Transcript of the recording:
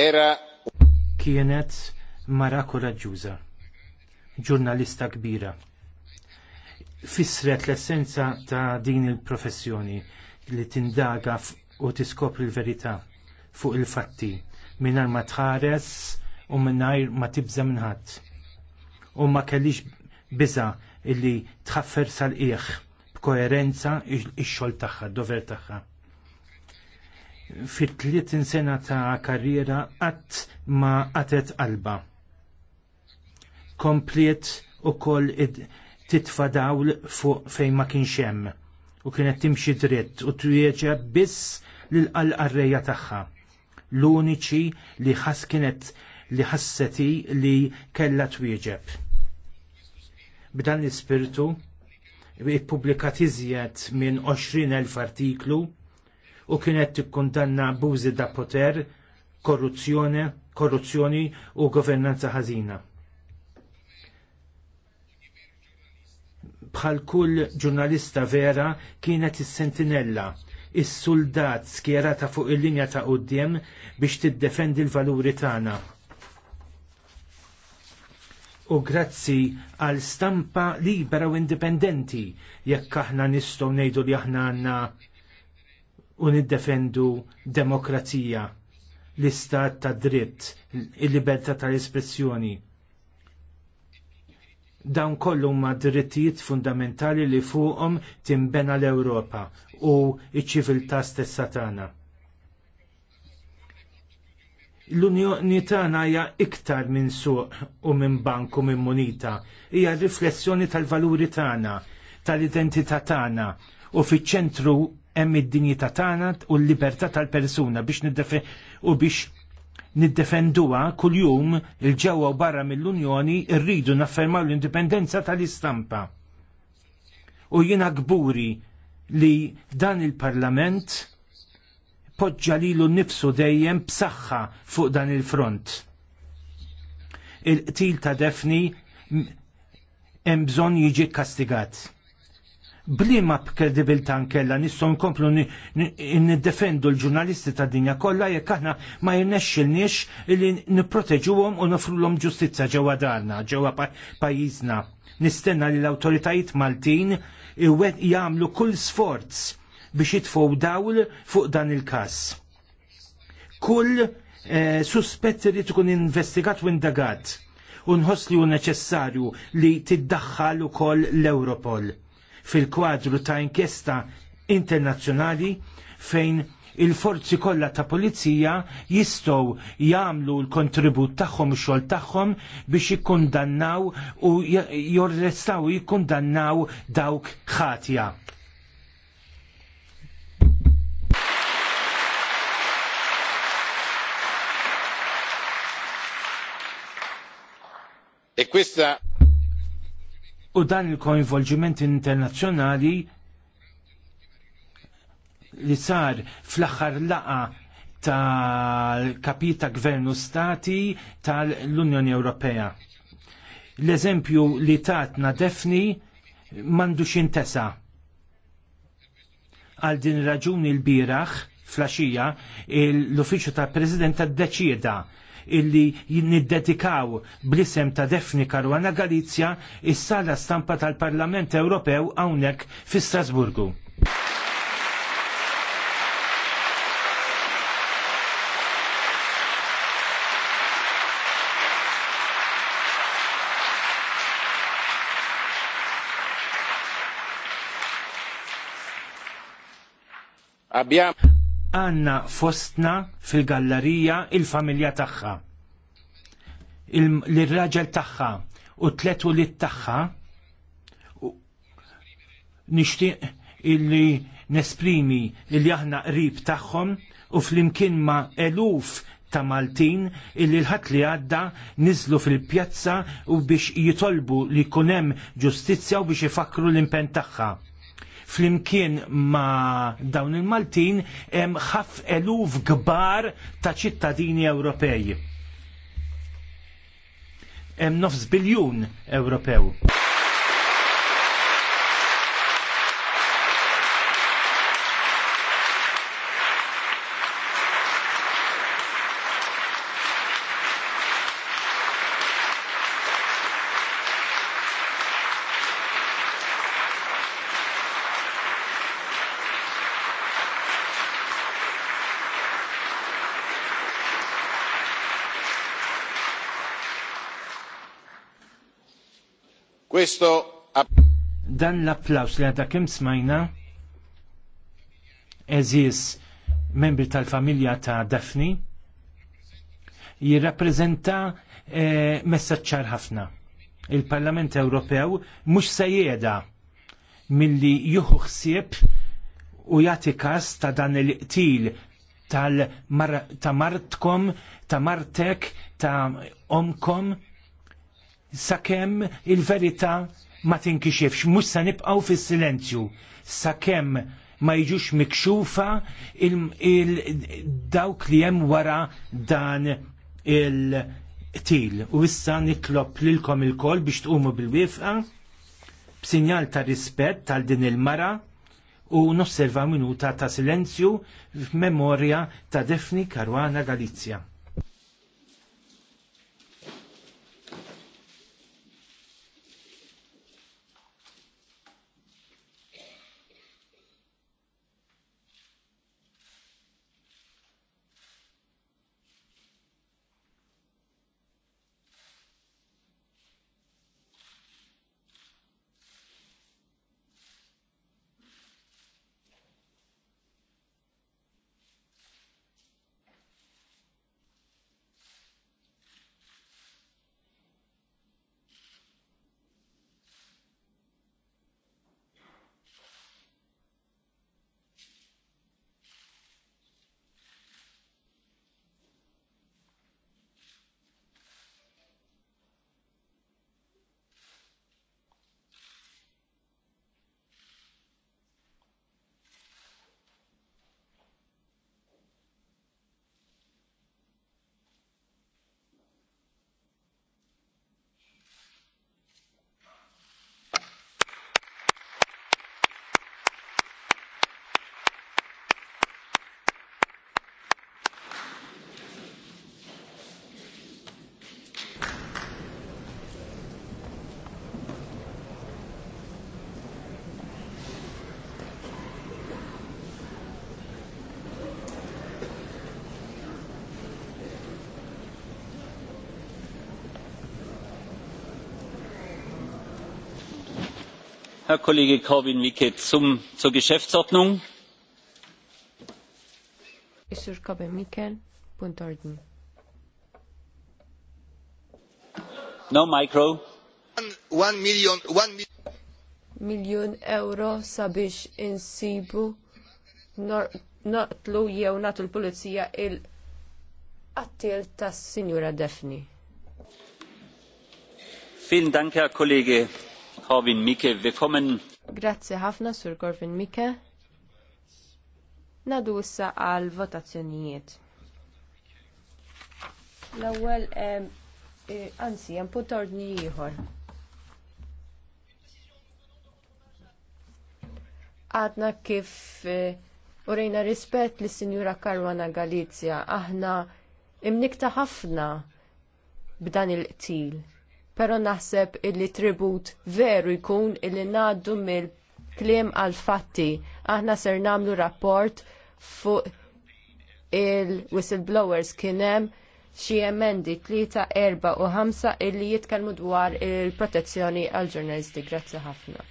Era kienet mara koraġġuża, ġurnalista kbira. Fisret l-essenza ta' din il-professjoni li tindaga u tiskopri l-verità fuq il-fatti mingħajr ma tħares u mingħajr ma minn ħadd. U ma kellix biża illi tħaffer sal iħ b'koerenza ix-xogħol tagħha, dover tagħha fit-30 sena ta' karriera qatt ma qatet qalba. Kompliet ukoll titfa dawl fuq fejn ma kienx hemm u kienet timxi dritt u twieġeb biss lill arreja tagħha. L-uniċi li ħas kienet li ħasseti li kellha twieġeb. B'dan l-ispirtu ippubblikat iżjed minn 20,000 artiklu u kienet tikkundanna abbużi da' poter, korruzzjoni, korruzzjoni u governanza ħażina. Bħal kull ġurnalista vera kienet is-sentinella is-soldat skjerata fuq il-linja ta' quddiem biex tiddefendi l-valuri tagħna. U grazzi għal stampa libera u indipendenti jekk aħna nistgħu ngħidu li aħna għandna u niddefendu demokrazija, l-istat ta' dritt, il-libertà tal-espressjoni. Dawn kollu huma drittijiet fundamentali li fuqhom timbena l-Ewropa u ċ-ċiviltà stessa tagħna. L-Unjoni tagħna hija iktar minn suq u minn bank u minn munita, hija riflessjoni tal-valuri tagħna, tal-identità tagħna u fiċ-ċentru hemm id-dinjità tagħna u l-libertà tal-persuna biex u biex niddefenduha kuljum il-ġewwa u barra mill-Unjoni rridu naffermaw l-indipendenza tal-istampa. U jiena gburi li dan il-Parlament poġġa lilu nnifsu dejjem b'saħħa fuq dan il-front. Il-qtil ta' defni hemm bżonn jiġi kastigat blima b'kredibilta nkella nistgħu nkomplu niddefendu l-ġurnalisti ta' dinja kollha jekk aħna ma jirnexxilniex li nipproteġuhom u nofrulhom ġustizzja ġewwa darna, ġewwa pajjiżna. Nistenna li l-awtoritajiet Maltin jagħmlu kull sforz biex jitfgħu dawl fuq dan il-każ. Kull eh, suspett irid ikun investigat u indagat u nħoss li hu neċessarju li tiddaħħal ukoll l-Europol fil-kwadru ta' inkjesta internazzjonali fejn il-forzi kollha ta' pulizija jistgħu jagħmlu l-kontribut tagħhom xogħol tagħhom biex jikkundannaw u jorrestaw jikkundannaw dawk ħatja. E questa u dan il-koinvolġiment internazzjonali li sar fl-aħħar laqa tal-kapita gvernu stati tal-Unjoni Ewropea. L-eżempju li tatna defni mandu intesa. Għal din raġuni l-biraħ flaxija l-Uffiċċju tal presidenta d-deċida illi jinnid-dedikaw blisem ta' Defni Karwana Galizja is-sala stampa tal-Parlament Ewropew hawnhekk fi Strasburgu. Abbiamo għanna fostna fil-gallerija il-familja tagħha. L-raġel tagħha u tletu li tagħha nixtieq illi nesprimi illi aħna qrib tagħhom u flimkien ma' eluf ta' Maltin illi l-ħat li għadda nizlu fil-pjazza u biex jitolbu li kunem ġustizja u biex jifakru l-impen tagħha flimkien ma dawn il-Maltin hemm ħaf eluf kbar ta' ċittadini Ewropej. Hemm nofs biljun Ewropew. Questo Dan l-applaus li għadha kemm smajna eżis membri tal-familja ta' Daphne jirrappreżenta eh, messaċċar ħafna. Il-Parlament Ewropew mhux se jeda milli juħu ħsieb u jagħti każ ta' dan il-qtil tal-martkom, ta' martek, ta' omkom sakemm il-verità ma tinkixifx mhux se nibqgħu fis-silenzju sakemm ma jiġux mikxufa dawk li hemm wara dan il-til. U issa nitlob lilkom il-kol biex tqumu bil-wifqa b'sinjal ta' rispett tal din il-mara u nosserva minuta ta' silenzju f'memorja ta' Defni Karwana Galizja. herr kollege korwin mikke zur geschäftsordnung. miljon euro sabiex insibu noqtlu jew natu l-pulizija il-qattil tas-sinjura Defni. Vielen Dank, Herr Kollege. Corvin Mikke, willkommen. Grazie ħafna, Sur Corvin Mikke. Nadu issa għal votazzjonijiet. L-ewwel e, anzi hemm punt ordni ieħor. Għadna kif e, urejna rispett lis sinjura Karwana Galizja, aħna imnikta ħafna b'dan il-qtil pero naħseb illi tribut veru jkun illi naddu mill kliem għal fatti. Aħna ser namlu rapport fuq il-whistleblowers kienem xi emendi 3, 4 u 5 illi jitkellmu dwar il-protezzjoni għal ġurnalisti. Grazzi ħafna.